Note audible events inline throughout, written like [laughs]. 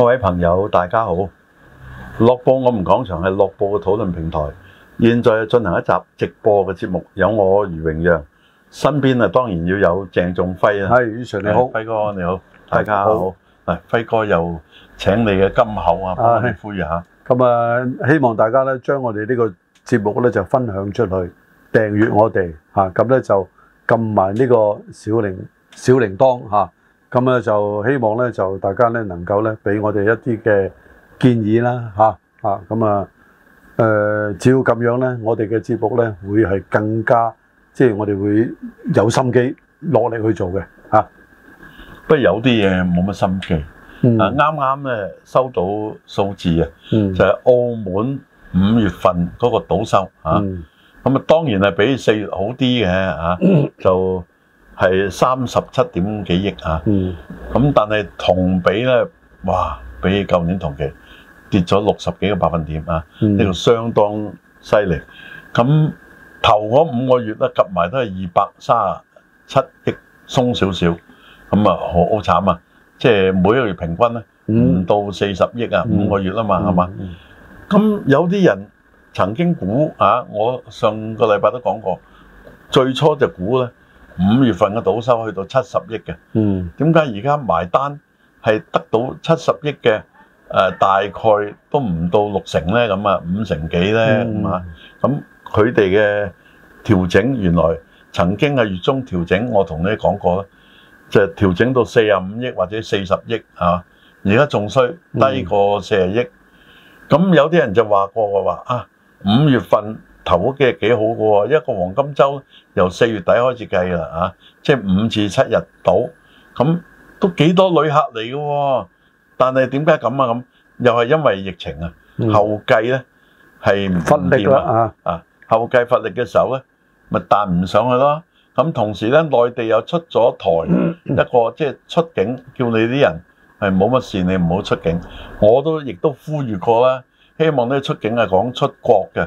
各位朋友，大家好！樂報我們講場係樂報嘅討論平台，現在進行一集直播嘅節目，有我余榮讓，身邊啊當然要有鄭仲輝啦。係余 Sir 你好，輝哥你好，大家好。嗱，輝哥又請你嘅金口啊，歡迎歡迎吓。咁啊，希望大家咧將我哋呢個節目咧就分享出去，訂閱我哋吓，咁咧就撳埋呢個小鈴小鈴鐺吓。咁啊，就希望咧，就大家咧，能夠咧，俾我哋一啲嘅建議啦，吓吓咁啊，啊、呃，只要咁樣咧，我哋嘅節目咧，會係更加，即係我哋會有心機落力去做嘅。吓、啊、不過有啲嘢冇乜心機，啱啱咧收到數字、嗯、啊，就係澳門五月份嗰個賭收，咁啊當然係比四月好啲嘅、啊嗯、就。係三十七點幾億啊！咁、嗯、但係同比咧，哇，比舊年同期跌咗六十幾個百分點啊！呢度、嗯、相當犀利。咁頭嗰五個月咧，夾埋都係二百三十七億鬆一點點，鬆少少。咁啊，好慘啊！即、就、係、是、每一個月平均咧，唔、嗯、到四十億啊，五個月啊嘛，係嘛、嗯？咁、嗯、有啲人曾經估啊，我上個禮拜都講過，最初就估咧。五月份嘅賭收去到七十億嘅，嗯，點解而家埋單係得到七十億嘅？誒，大概都唔到六成咧，咁啊，五成幾咧？咁啊，咁佢哋嘅調整原來曾經係月中調整，我同你講過啦，就調整到四十五億或者四十億啊，而家仲衰低過四十億，咁有啲人就話過話啊，五月份。頭嗰幾日幾好嘅喎，一個黃金週由四月底開始計啦，啊，即係五至七日到，咁都幾多旅客嚟嘅喎。但係點解咁啊？咁又係因為疫情啊。後繼咧係乏力啦，啊啊後繼乏力嘅時候咧，咪彈唔上去咯。咁同時咧，內地又出咗台一個即係出境叫你啲人係冇乜事，你唔好出境。我都亦都呼籲過啦，希望啲出境係講出國嘅。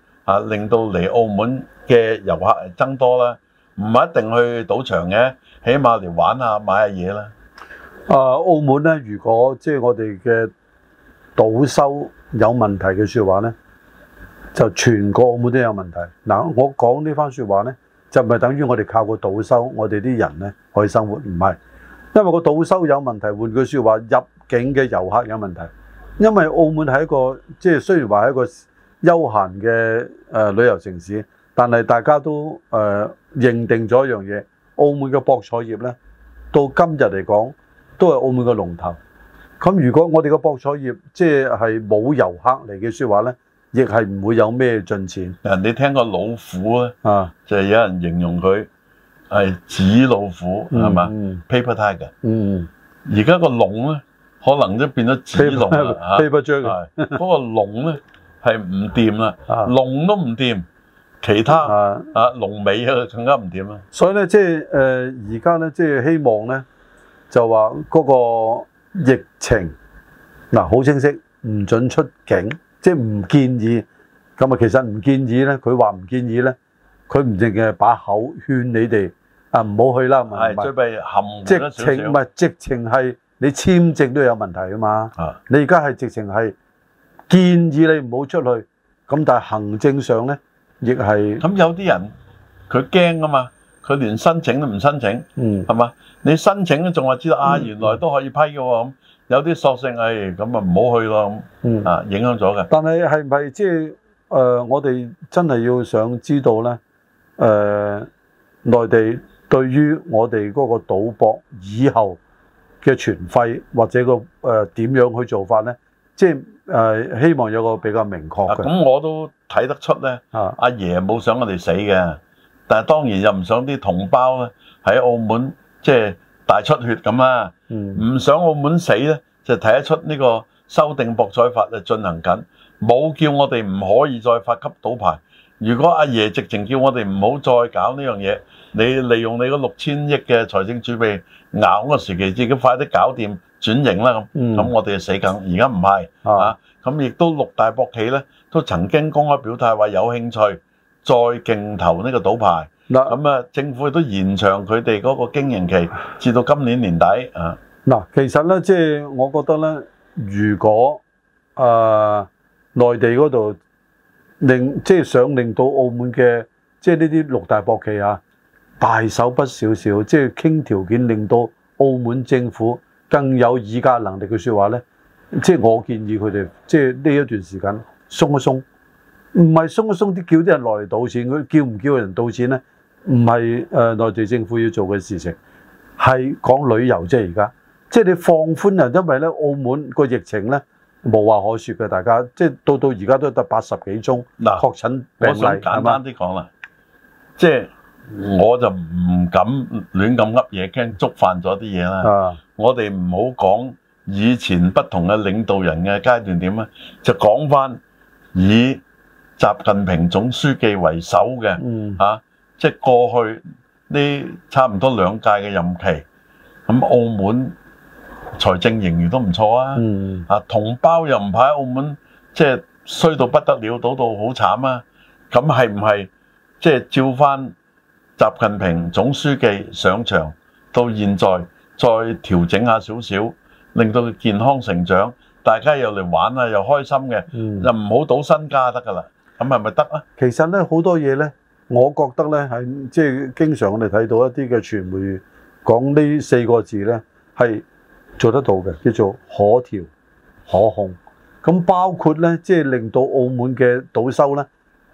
嚇令到嚟澳門嘅遊客增多啦，唔係一定去賭場嘅，起碼嚟玩下買下嘢啦。啊，澳門咧，如果即係、就是、我哋嘅賭收有問題嘅説話咧，就全個澳門都有問題。嗱，我講呢番説話咧，就唔係等於我哋靠個賭收，我哋啲人咧可以生活，唔係，因為個賭收有問題，換句説話，入境嘅遊客有問題，因為澳門係一個即係雖然話係一個。休閒嘅誒、呃呃、旅遊城市，但係大家都誒、呃、認定咗一樣嘢，澳門嘅博彩業咧，到今日嚟講都係澳門嘅龍頭。咁如果我哋嘅博彩業即係係冇遊客嚟嘅説話咧，亦係唔會有咩進展。嗱，你聽個老虎咧，啊，就係有人形容佢係紙老虎係嘛？嗯、Paper tiger。嗯。而家個龍咧，可能都變咗紙龍啦。Paper 張嘅是。嗰 [laughs] 個龍咧。係唔掂啦，龍都唔掂，其他啊龍尾啊更加唔掂啦。所以咧，呃、即係誒而家咧，即係希望咧，就話嗰個疫情嗱好、啊、清晰，唔准出境，即係唔建議。咁啊，其實唔建議咧，佢話唔建議咧，佢唔淨係把口勸你哋啊唔好去啦，咪準備冚。直情咪直情係你簽證都有問題啊嘛。啊你而家係直情係。即係係建議你唔好出去，咁但係行政上咧，亦係咁有啲人佢驚啊嘛，佢連申請都唔申請，嗯，係嘛？你申請都仲話知道啊，原來都可以批嘅喎，咁、嗯、有啲索性，係、哎、咁、嗯、啊唔好去咯，咁啊影響咗嘅。但係係唔係即係誒？我哋真係要想知道咧，誒、呃，內地對於我哋嗰個賭博以後嘅傳費或者、個誒點樣去做法咧，即係。誒，希望有個比較明確嘅。咁、啊、我都睇得出呢，阿爺冇想我哋死嘅，但係當然又唔想啲同胞呢喺澳門，即係大出血咁，啊唔、嗯、想澳門死呢，就睇得出呢個修訂博彩法誒進行緊，冇叫我哋唔可以再發級賭牌。如果阿、啊、爺直情叫我哋唔好再搞呢樣嘢，你利用你嗰六千億嘅財政儲備咬個時期，自己快啲搞掂。轉型啦咁，咁我哋就死梗，而家唔係啊。咁亦都六大博企咧，都曾經公開表態話有興趣再競投呢個賭牌，咁啊政府亦都延長佢哋嗰個經營期至到今年年底啊。嗱，其實咧即係我覺得咧，如果啊內地嗰度令即係想令到澳門嘅即係呢啲六大博企啊大手筆少少，即係傾條件令到澳門政府。更有議價能力嘅説話咧，即係我建議佢哋，即係呢一段時間鬆一鬆，唔係鬆一鬆啲叫啲人落嚟賭錢，佢叫唔叫人賭錢咧？唔係誒，內地政府要做嘅事情，係講旅遊啫。而家即係你放寬呀，因為咧澳門個疫情咧冇話可説嘅，大家即係到到而家都得八十幾宗確診病例，我想簡單啲講喇，係嘛？即係。我就唔敢亂咁噏嘢，驚觸犯咗啲嘢啦。啊、我哋唔好講以前不同嘅領導人嘅階段點啊，就講翻以習近平總書記為首嘅，即係過去呢差唔多兩屆嘅任期，咁澳門財政盈餘都唔錯啊、嗯、啊。同胞又唔係澳門即係衰到不得了，倒到好慘啊。咁係唔係即係照翻？習近平總書記上場，到現在再調整下少少，令到佢健康成長，大家又嚟玩啊，又開心嘅，嗯、又唔好賭身家得噶啦，咁係咪得啊？其實咧好多嘢咧，我覺得咧係即係經常我哋睇到一啲嘅傳媒講呢四個字咧係做得到嘅，叫做可調可控。咁包括咧即係令到澳門嘅賭收咧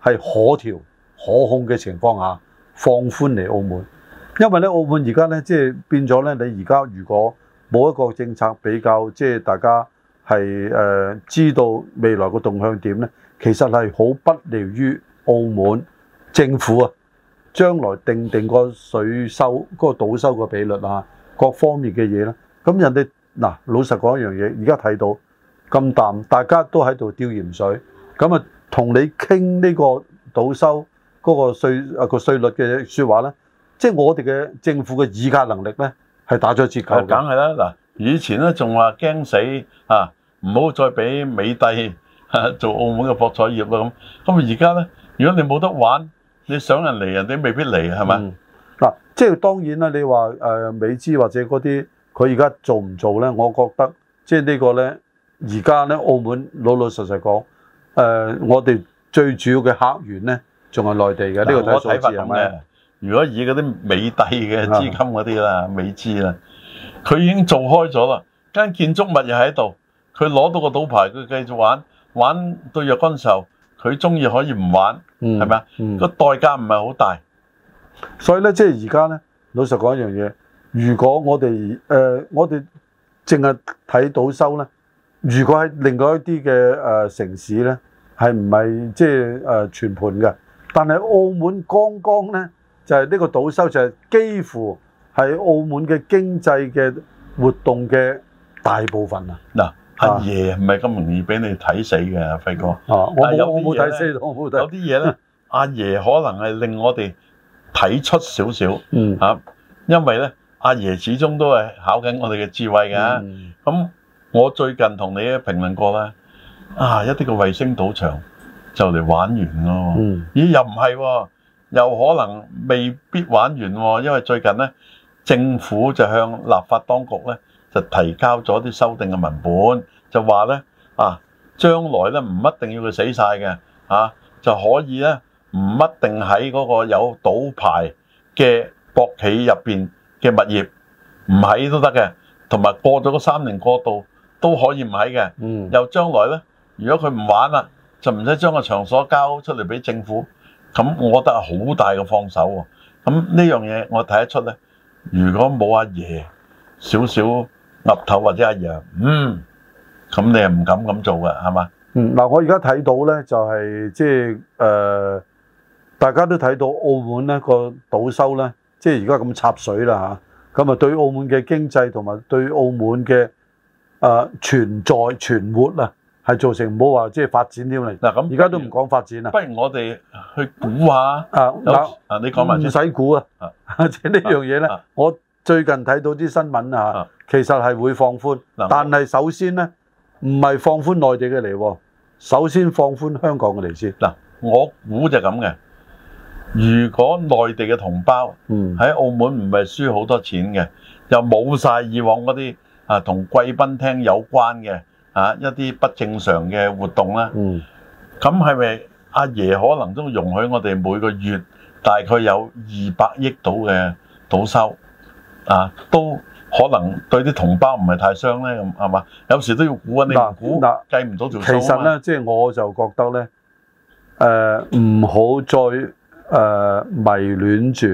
係可調可控嘅情況下。放寬嚟澳門，因為咧澳門而家咧即係變咗咧，你而家如果冇一個政策比較即係大家係誒、呃、知道未來個動向點咧？其實係好不利於澳門政府啊，將來定定水、那個稅收嗰個賭收個比率啊，各方面嘅嘢啦。咁人哋嗱老實講一樣嘢，而家睇到咁淡，大家都喺度吊鹽水，咁啊同你傾呢個賭收。嗰個稅啊、個稅率嘅說話咧，即係我哋嘅政府嘅議價能力咧，係打咗折扣嘅。梗係啦，嗱，以前咧仲話驚死嚇，唔、啊、好再俾美帝、啊、做澳門嘅博彩業啦咁。咁而家咧，如果你冇得玩，你想人嚟，人哋未必嚟係咪？嗱、嗯，即係當然啦，你話誒美資或者嗰啲，佢而家做唔做咧？我覺得即係呢個咧，而家咧澳門老老實實講，誒、呃、我哋最主要嘅客源咧。仲係內地嘅呢個我睇法係咩？這的嗎如果以嗰啲美帝嘅資金嗰啲啦，美資啦，佢已經做開咗啦，間建築物又喺度，佢攞到個賭牌，佢繼續玩，玩到若干時候，佢中意可以唔玩，係咪啊？個吧、嗯、代價唔係好大，所以咧，即係而家咧，老實講一樣嘢，如果我哋誒、呃、我哋淨係睇賭收咧，如果喺另外一啲嘅誒城市咧，係唔係即係誒、呃、全盤嘅？但係澳門剛剛咧，就係、是、呢個賭收就係、是、幾乎係澳門嘅經濟嘅活動嘅大部分啦。嗱、啊，阿爺唔係咁容易俾你睇死嘅，輝哥。啊，我有冇睇死？有啲嘢咧，阿爺可能係令我哋睇出少少。嗯。啊，因為咧，阿爺始終都係考緊我哋嘅智慧㗎。咁、嗯啊、我最近同你咧評論過咧，啊，一啲嘅衛星賭場。就嚟玩完咯，咦又唔係，又可能未必玩完，因為最近呢政府就向立法當局呢就提交咗啲修訂嘅文本，就話呢啊將來呢唔一定要佢死曬嘅，啊就可以呢唔一定喺嗰個有賭牌嘅博企入邊嘅物業唔喺都得嘅，同埋過咗個三年過渡都可以唔喺嘅，又將來呢如果佢唔玩啦。就唔使將個場所交出嚟俾政府，咁我覺得係好大嘅放手喎。咁呢樣嘢我睇得出咧。如果冇阿爺少少岌頭或者阿爺，嗯，咁你係唔敢咁做嘅，係嘛？嗯，嗱，我而家睇到咧就係即係誒，大家都睇到澳門咧個賭收咧，即係而家咁插水啦嚇。咁啊，對澳門嘅經濟同埋對澳門嘅誒存在存活啦！係造成唔好話即係發展添。嚟嗱咁，而家都唔講發展啦。不如我哋去估下啊？嗱，你講埋先，唔使估啊。這件事呢樣嘢咧，啊、我最近睇到啲新聞啊，其實係會放寬，啊、但係首先咧，唔係放寬內地嘅嚟喎，首先放寬香港嘅嚟先。嗱、啊，我估就咁嘅。如果內地嘅同胞喺澳門唔係輸好多錢嘅，又冇晒以往嗰啲啊同貴賓廳有關嘅。啊！一啲不正常嘅活動咧，咁係咪阿爺可能都容許我哋每個月大概有二百億到嘅賭收啊？都可能對啲同胞唔係太傷咧，咁係嘛？有時都要估一啲，估、啊啊、計唔到條數。其實咧，即、就、係、是、我就覺得咧，誒唔好再誒、呃、迷戀住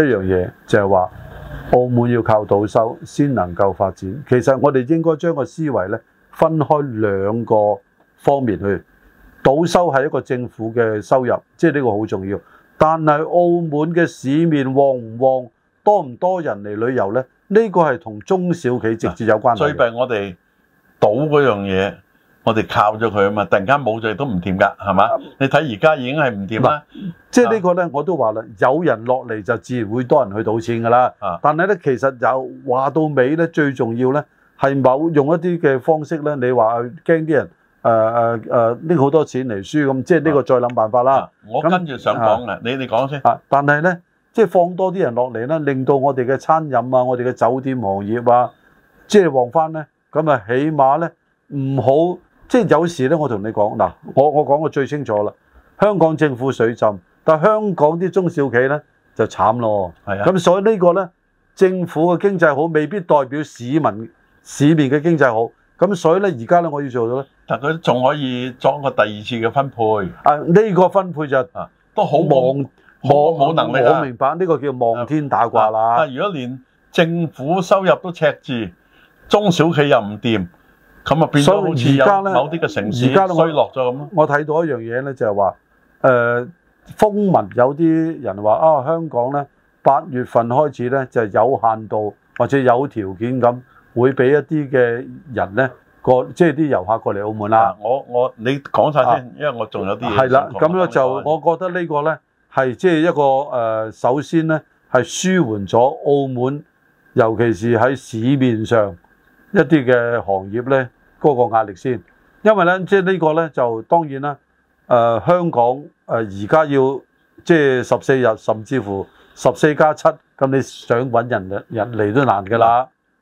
一樣嘢，就係、是、話澳門要靠賭收先能夠發展。其實我哋應該將個思維咧。分開兩個方面去，賭收係一個政府嘅收入，即係呢個好重要。但係澳門嘅市面旺唔旺，多唔多人嚟旅遊咧？呢、這個係同中小企直接有關係。最弊、啊、我哋賭嗰樣嘢，我哋靠咗佢啊嘛，突然間冇咗都唔掂㗎，係嘛？啊、你睇而家已經係唔掂啦。即係呢個咧，啊、我都話啦，有人落嚟就自然會多人去賭錢㗎啦。啊、但係咧，其實有話到尾咧，最重要咧。係冇用一啲嘅方式咧。你話驚啲人誒誒誒拎好多錢嚟輸咁，即係呢個再諗辦法啦，啊。我跟住想講那啊，你哋講先。但係咧，即係放多啲人落嚟咧，令到我哋嘅餐飲啊，我哋嘅酒店行業啊，即係旺翻咧。咁啊，起碼咧唔好即係有時咧，我同你講嗱，我我講我最清楚啦。香港政府水浸，但係香港啲中小企咧就慘咯。係啊的。咁所以個呢個咧，政府嘅經濟好未必代表市民市面嘅經濟好，咁所以咧，而家咧我要做到，但佢仲可以裝個第二次嘅分配。啊，呢、這個分配就是啊、都好望望冇能力。我明白呢、啊、個叫望天打卦啦、啊啊。如果連政府收入都赤字，中小企又唔掂，咁啊變咗好似有某啲嘅城市衰落咗咁。我睇到一樣嘢咧，就係、是、話，誒、呃、風聞有啲人話啊，香港咧八月份開始咧就是、有限度或者有條件咁。會俾一啲嘅人咧過，即係啲遊客過嚟澳門啦。我我你講晒先，啊、因為我仲有啲嘢。係啦，咁樣就我覺得個呢個咧係即係一個誒、呃，首先咧係舒緩咗澳門，尤其是喺市面上一啲嘅行業咧嗰、那個壓力先。因為咧，即、就、係、是、呢個咧就當然啦，誒、呃、香港誒而家要即係十四日，甚至乎十四加七，咁你想搵人人嚟都難㗎啦。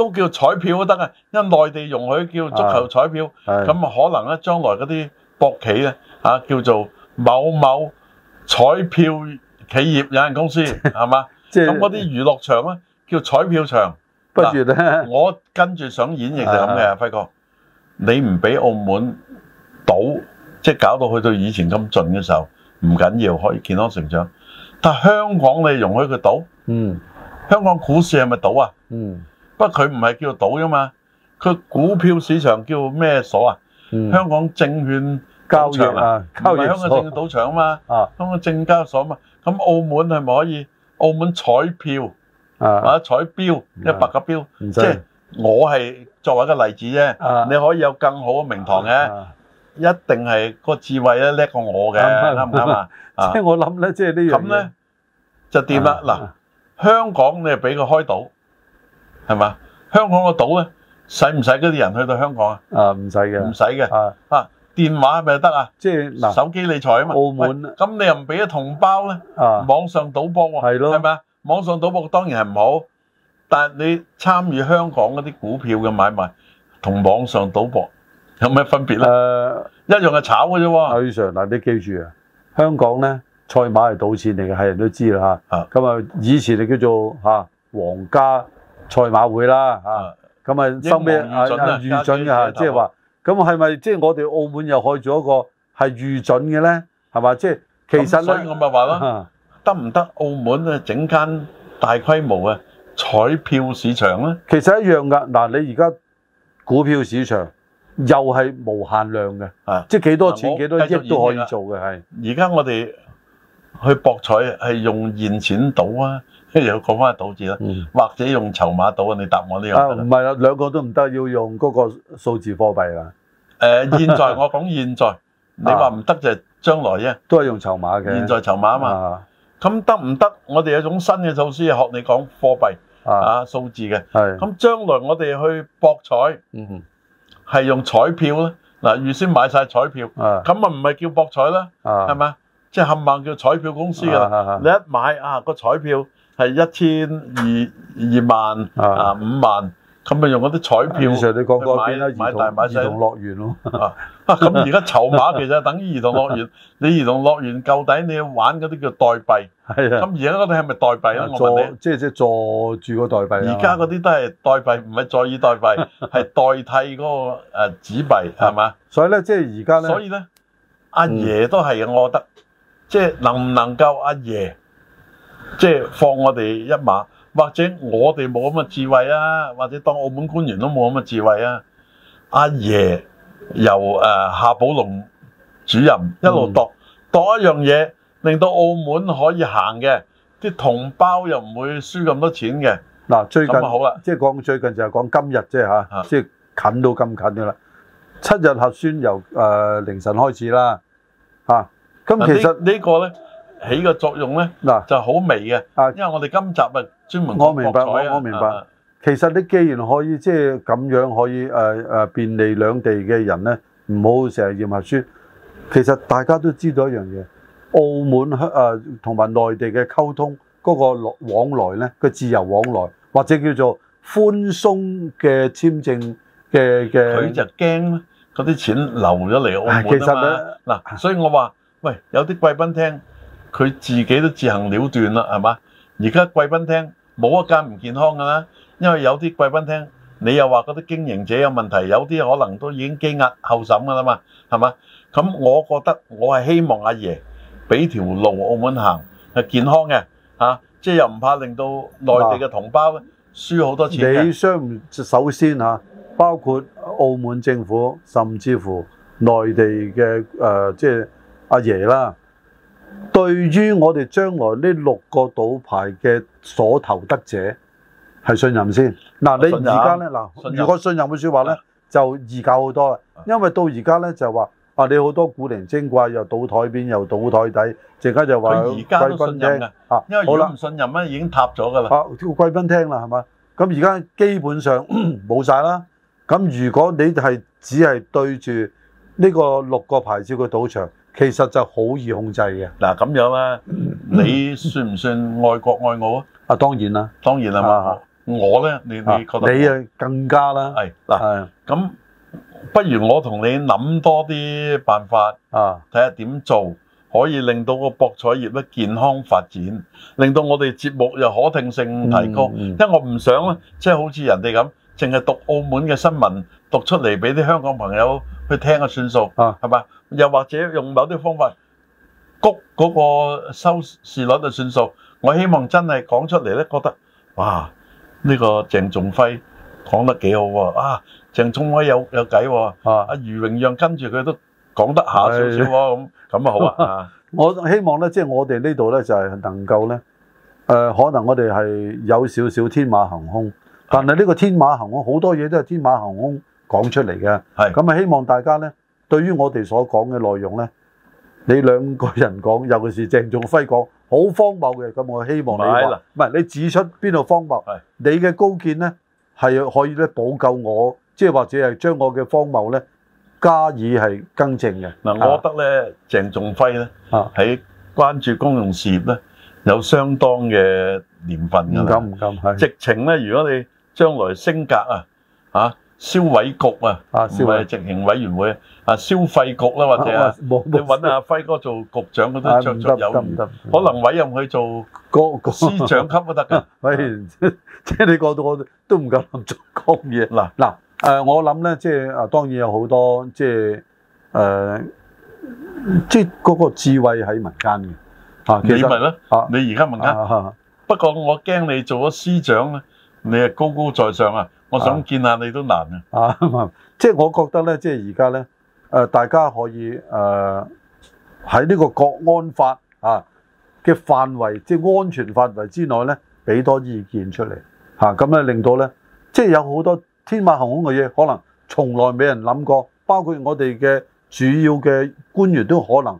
都叫彩票都得啊，因為內地容許叫足球彩票，咁啊可能咧將來嗰啲博企咧啊叫做某某彩票企業有限公司係嘛？即係咁嗰啲娛樂場咧叫彩票場。不如咧，啊啊、我跟住想演繹就咁嘅輝哥，啊啊、你唔俾澳門賭，即、就、係、是、搞到去到以前咁盡嘅時候唔緊要，要，可以健康成長。但香港你容許佢賭，嗯，香港股市係咪賭啊？嗯。不過佢唔係叫賭啫嘛，佢股票市場叫咩所啊？香港證券交易所啊，唔係香港證券賭場啊嘛，香港證交所啊嘛。咁澳門係咪可以？澳門彩票啊，或者彩標，一百個標，即係我係作為一個例子啫。你可以有更好嘅名堂嘅，一定係個智慧咧叻過我嘅，啱唔啱啊？即係我諗咧，即係呢樣。咁咧就掂啦。嗱，香港你係俾佢開賭。係嘛？香港嘅賭咧，使唔使嗰啲人去到香港啊？啊，唔使嘅，唔使嘅。啊啊，電話係咪得啊？即係嗱，啊、手機理財啊嘛。澳門咁你又唔俾咗同胞咧？啊，網上賭博喎、啊。係咯的。係咪啊？網上賭博當然係唔好，但係你參與香港嗰啲股票嘅買賣，同網上賭博有咩分別咧？啊、一樣係炒嘅啫喎。係啊，嗱、呃，Sir，你記住啊，香港咧賽馬係賭錢嚟嘅，係人都知啦嚇。啊。咁啊，以前就叫做嚇皇、啊、家。賽馬會啦，嚇是，咁啊收咩啊預準嘅，即係話，咁係咪即係我哋澳門又可以做一個係預準嘅咧？係嘛，即係其實咧，所以我咪話咯，是是得唔得澳門嘅整間大規模嘅彩票市場咧？其實一樣㗎。嗱你而家股票市場又係無限量嘅，是即係幾多錢幾多億都可以做嘅，係。而家我哋去博彩係用現錢賭啊！又講翻個賭字啦，或者用籌碼賭啊？你答我呢樣唔係啦，兩個都唔得，要用嗰個數字貨幣啦。誒， [laughs] 現在我講現在，你話唔得就係將來啫、啊。都係用籌碼嘅。現在籌碼啊嘛。咁得唔得？我哋有種新嘅措施，學你講貨幣啊，啊，數字嘅。係是。咁將來我哋去博彩，嗯，係用彩票咧。嗱、啊，預先買晒彩票，咁咪唔係叫博彩啦，係咪、啊？即係冚唪唥叫彩票公司㗎啦。啊啊、你一買啊個彩票。係一千二二萬啊五萬，咁咪用嗰啲彩票買，買買大買細，兒童樂園咯、啊。咁而家籌碼其實、就是、等於兒童樂園。你兒童樂園舊底，你玩嗰啲叫代幣？係啊。咁而家嗰啲係咪代幣咧？我問你。即即坐住個代幣。而家嗰啲都係代幣，唔係坐以代幣，係、啊、代替嗰個誒紙幣係嘛。所以咧，即係而家咧。所以咧，阿、啊、爺都係、嗯啊、我覺得，即、就、係、是、能唔能夠阿、啊、爺？即係放我哋一馬，或者我哋冇咁嘅智慧啊，或者當澳門官員都冇咁嘅智慧啊。阿爺由誒夏寶龍主任一路度度、嗯、一樣嘢，令到澳門可以行嘅，啲同胞又唔會輸咁多錢嘅。嗱，最近好啦，即係講最近就係講今日啫吓，即係、啊、近到咁近噶啦。七日核酸由誒、呃、凌晨開始啦，吓、啊、咁其實、這個、呢個咧。起個作用咧，嗱就好微嘅，啊，因為我哋今集啊專門講博彩啊。我明白，我我明白。其實你既然可以即係咁樣可以誒誒便利兩地嘅人咧，唔好成日驗核酸。其實大家都知道一樣嘢，澳門誒啊同埋內地嘅溝通嗰個來往來咧個自由往來或者叫做寬鬆嘅簽證嘅嘅。佢就驚咧，嗰啲錢流咗嚟澳門啊，其實咧。嗱，所以我話喂，有啲貴賓廳。佢自己都自行了斷啦，係嘛？而家貴賓廳冇一間唔健康㗎啦，因為有啲貴賓廳你又話嗰啲經營者有問題，有啲可能都已經羈押候審㗎啦嘛，係嘛？咁我覺得我係希望阿爺俾條路澳門行係健康嘅嚇、啊，即、就、係、是、又唔怕令到內地嘅同胞輸好多錢、啊。你先首先嚇、啊，包括澳門政府，甚至乎內地嘅誒、呃，即係阿爺啦。對於我哋將來呢六個賭牌嘅所投得者係信任先，嗱你而家咧嗱，如果信任嘅說任話咧就易搞好多啦，因為到而家咧就話啊你好多古靈精怪又賭台邊又賭台底，而家就話貴賓廳，因為如果唔信任咧已經塌咗噶啦，啊叫、啊、貴賓廳啦係嘛，咁而家基本上冇晒啦，咁、嗯、如果你係只係對住呢個六個牌照嘅賭場。其實就好易控制嘅，嗱咁樣啦，你算唔算愛國愛澳啊？啊當然啦，當然啦嘛，我咧你你覺得你啊更加啦，係嗱咁，不如我同你諗多啲辦法啊，睇下點做可以令到個博彩業咧健康發展，令到我哋節目又可聽性提高，因為我唔想咧即係好似人哋咁淨係讀澳門嘅新聞。讀出嚟俾啲香港朋友去聽嘅、啊、算數啊，係嘛？又或者用某啲方法谷嗰個收視率就算數。我希望真係講出嚟咧，覺得哇！呢、這個鄭仲輝講得幾好喎啊！鄭仲輝有有計喎啊！阿、啊啊、余榮讓跟住佢都講得下少少喎咁咁啊的好啊，啊！我希望咧，即、就、係、是、我哋呢度咧就係、是、能夠咧誒，可能我哋係有少少天馬行空，但係呢個天馬行空好、啊、多嘢都係天馬行空。講出嚟嘅，咁啊希望大家咧，對於我哋所講嘅內容咧，你兩個人講，尤其是鄭仲輝講好荒謬嘅，咁我希望你話唔係你指出邊度荒謬，你嘅高見咧係可以咧補救我，即係或者係將我嘅荒謬咧加以係更正嘅。嗱，我覺得咧，鄭仲輝咧喺關注公用事業咧有相當嘅年份㗎，唔敢唔敢係。直情咧，如果你將來升格啊，嚇！消委局啊，唔係直營委員會啊，消費局啦或者啊，你揾阿輝哥做局長都都著著有餘，可能委任佢做個司長級都得噶。喂，即係你過到我都唔夠膽做講嘢啦。嗱，誒，我諗咧，即係啊，當然有好多即係誒，即係嗰個智慧喺民間嘅。你咪咧？你而家問緊。不過我驚你做咗司長咧，你係高高在上啊。我想見下你都難啊！啊，即係我覺得咧，即係而家咧，誒，大家可以誒喺呢個國安法啊嘅範圍，即係安全範圍之內咧，俾多意見出嚟嚇，咁咧令到咧，即係有好多天馬行空嘅嘢，可能從來未人諗過，包括我哋嘅主要嘅官員都可能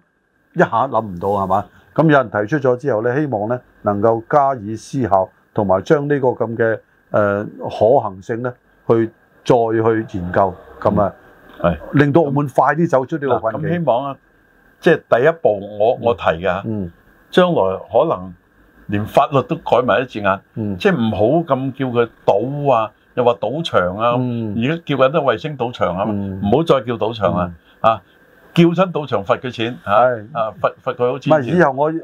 一下諗唔到，係嘛？咁有人提出咗之後咧，希望咧能夠加以思考，同埋將呢個咁嘅。誒、呃、可行性咧，去再去研究，咁啊，令到澳門快啲走出呢個困境。咁希望啊，即、就、係、是、第一步我，我我提嘅，嗯，將來可能連法律都改埋一字眼，即係唔好咁叫佢賭啊，又話賭場啊，而、嗯、家叫緊都衛星賭場啊，唔好、嗯、再叫賭場、嗯、啊，啊！叫親賭場罰佢錢嚇，啊，罰罰佢好似唔係以後我誒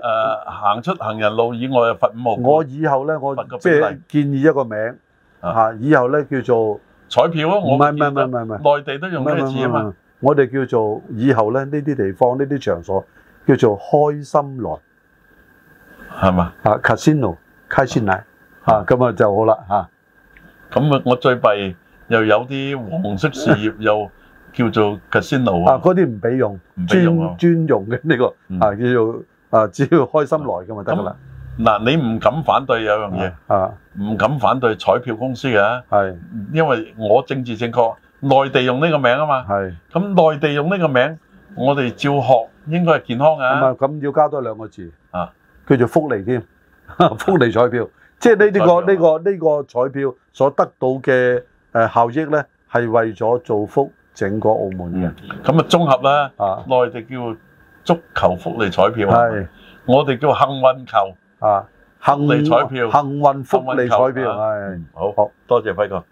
行出行人路以外又罰五毫，我以後咧我即係建議一個名嚇，以後咧叫做彩票啊，我唔係唔係唔係唔係，內地都用呢個字啊嘛，我哋叫做以後咧呢啲地方呢啲場所叫做開心來係嘛啊，casino，開心奶嚇，咁啊就好啦嚇，咁啊我最弊又有啲黃色事業又。叫做 casino 啊！嗰啲唔俾用，專專用嘅呢個啊，叫做啊，只要開心來嘅咪得㗎啦。嗱，你唔敢反對有樣嘢啊，唔敢反對彩票公司嘅，係因為我政治正確，內地用呢個名啊嘛。係咁，內地用呢個名，我哋照學應該係健康嘅。咁啊，咁要加多兩個字啊，叫做福利添福利彩票，即係呢啲個呢個呢個彩票所得到嘅誒效益咧，係為咗造福。整個澳門嘅，咁啊、嗯、綜合啊，內地叫足球福利彩票，係我哋叫幸運球啊，福利彩票，幸運福利彩票，好好，好多謝輝哥。